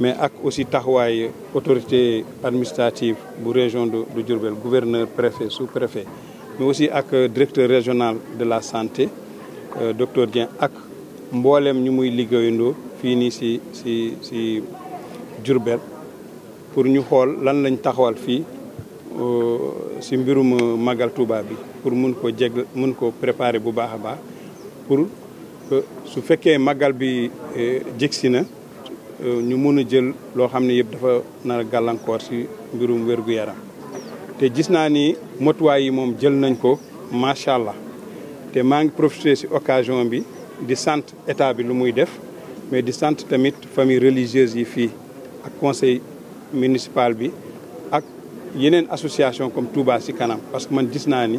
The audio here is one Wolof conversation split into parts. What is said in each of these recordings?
mais ak aussi taxawaay autorité administrative bu région de de Diourbel gouverneur préfet sous-préfet mais aussi ak directeur régional de la santé euh, docteur Dieng ak mbooleem ñu muy liggéeyandoo fii nii si si si Diourbel pour ñu xool lan lañ taxawal fii euh, si mbirum Magal tubaab bi pour mun ko jeg mun ko préparer bu baax a baax pour su fekkee màggal bi eh, jegsi na eh, ñu mun a jël loo xam ne yëpp dafa nar a gàllankoor si mbirum wér yaram te gis naa ni motuwaay yi moom jël nañ ko macha allah te maa ngi profité si occasion bi di sant état bi lu muy def mais di sant tamit famille religieuse yi fii ak conseil municipal bi ak yeneen association comme Touba si kanam parce que man gis naa ni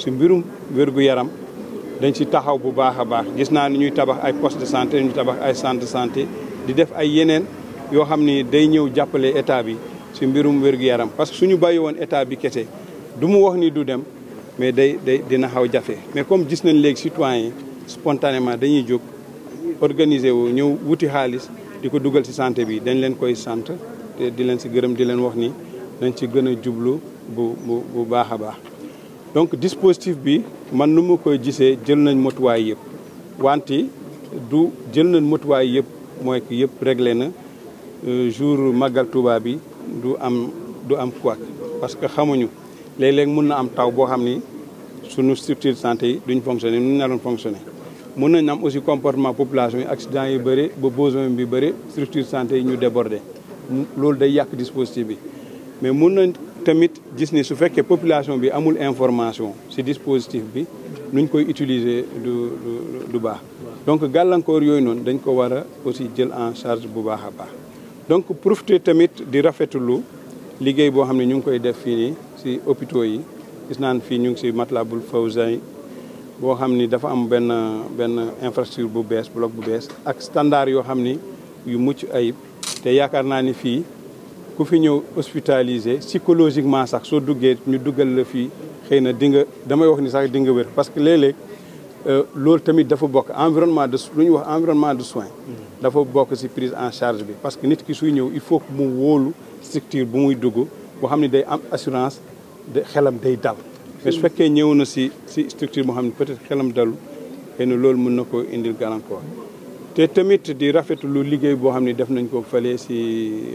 si mbirum wér yaram dañ si taxaw bu baax a baax gis naa ni ñuy tabax ay poste de santé ñu tabax ay centre santé di def ay yeneen yoo xam ni day ñëw jàppale état bi si mbirum wér yaram parce que suñu bàyyi woon état bi kese du mu wax ni du dem mais day day dina xaw jafe mais comme gis nañ léegi citoyens yi spontanément dañuy jóg organiser wu ñëw wuti xaalis di ko dugal si santé bi dañ leen koy sant di leen si gërëm di leen wax ni nañ ci gën a jublu bu bu bu baax a baax donc dispositif bi man nu ma koy gisee jël nañ motuwaay yëpp wante du jël nañ motuwaay yëpp mooy que yëpp réglé na euh, jour màggal Touba bi du am du am quoi parce que xamuñu léeg-léeg mun na am taw boo xam ni suñu structure santé yi duñ fonctionner nu ñu naroon mun nañ am aussi comportement population yi accident yi bëri ba besoin bi bëri structure santé yi ñu déborder loolu day yàq dispositif bi mais mun nañ tamit gis ni su fekkee population bi amul information si dispositif bi nuñ koy utiliser du du du baax donc gàllankoor yooyu noonu dañ ko war a aussi jël en charge bu baax a baax donc profiter tamit di rafetulu liggéey boo xam ne ñu ngi koy def fii nii ci hôpitaux yi gis naan fii ñu ngi ci Matlabul Fawzay boo xam ni dafa am benn benn infrastructure bu bees bloc bu bees ak standard yoo xam ni yu mucc ayib te yaakaar naa ni fii ku fi ñëw hospitalisé psychologiquement sax soo duggee ñu duggal la fii xëy na di nga damay wax ni sax di nga wér parce que léeg-léeg euh, loolu tamit dafa bokk environnement de lu ñuy wax environnement de soins mm. dafa bokk si prise en charge bi parce que nit ki suy ñëw il faut que mu wóolu structure bu muy dugg boo xam ne day am assurance de xelam day dal mais su fekkee ñëw na si ci structure boo xam ne peut-être xelam dalu xëy na loolu mën na ko indil gàllankoor te tamit di rafetlu liggéey boo xam ne def nañ ko fële si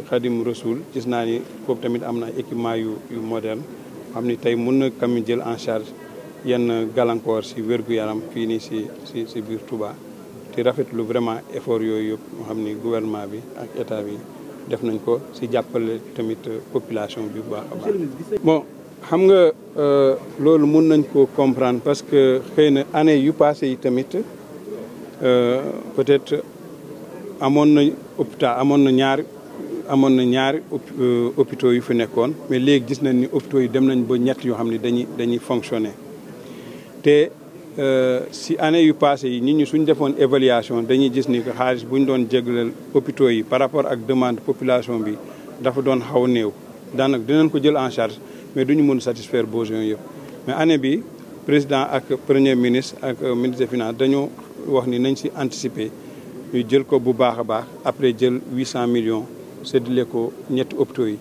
Khadim Rasoul gis naa ni foofu tamit am na équipement yu yu moderne xam ni tey mun na kam jël en charge yenn gàllankoor si wér yaram fii nii si si si biir Touba te rafetlu vraiment effort yooyu yëpp nga xam ni gouvernement bi ak état bi def nañ ko si jàppale tamit population bi bu baax xam nga euh, loolu mun nañ ko comprendre parce que xëy na année yu passé yi tamit Euh, peut-être amoon na hôpital amoon na ñaar amoon na ñaari euh, hôpitaux yu fi nekkoon mais léegi gis nañ ni hôpitaux yi dem nañ ba ñett yoo xam ne dañuy dañuy fonctionner te euh, si année yu passé yi nit ñu suñ defoon évaluation dañuy gis ni xaalis bu ñu doon jégleel hôpitaux yi par rapport ak demande population bi dafa doon xaw néew daanaka dinañ ko jël en charge mais du ñu mën satisfaire besoins yëpp mais bi président ak premier ministre ak ministre des finances dañoo wax ni nañ si anticiper ñu jël ko bu baax a baax après jël huit cent million séddale ko ñetti hôpitaux yi.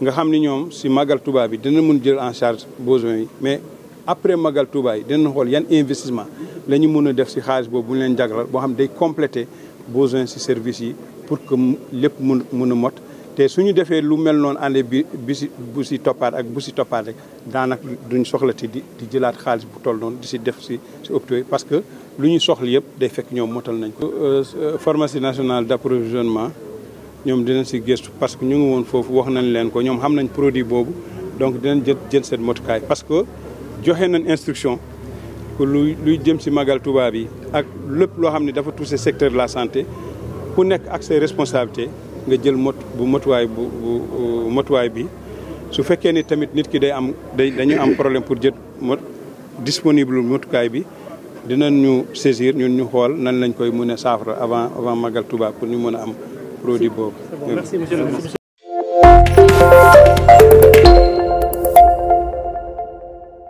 nga xam ni ñoom si Magal Touba bi dina mun jël en charge besoins yi mais après Magal Touba yi dinañ xool yan investissement la ñu mun a def si xaalis boobu bu leen jaglal boo xam day compléter besoin si service yi pour que lépp mun mun a mot. te su ñu defee lu mel noonu année bi bi si bu si toppaat ak bu si toppaat rek daanaka duñ soxlati di di jëlaat xaalis bu toll noonu di si def si si parce que lu ñu soxla yëpp day fekk ñoom motal nañ ko. Euh, euh, pharmacie nationale d'approvisionnement ñoom dinañ si gëstu parce que ñu ngi woon foofu wax nañ leen ko ñoom xam nañ produit boobu donc dinañ jël jël seen motukaay parce que joxe nañ instruction. que luy jëm si magal tubaab yi ak lépp loo xam ne dafa touché secteur de la santé ku nekk ak ses responsabilité nga jël mot bu motuwaay bu motuwaay bi su fekkee ni tamit nit ki day am day dañu am problème pour jël mot disponible motukaay bi dina ñu saisir ñun ñu xool nan lañ koy mën a saafara avant avant Magal Touba pour ñu mën a am produit boobu.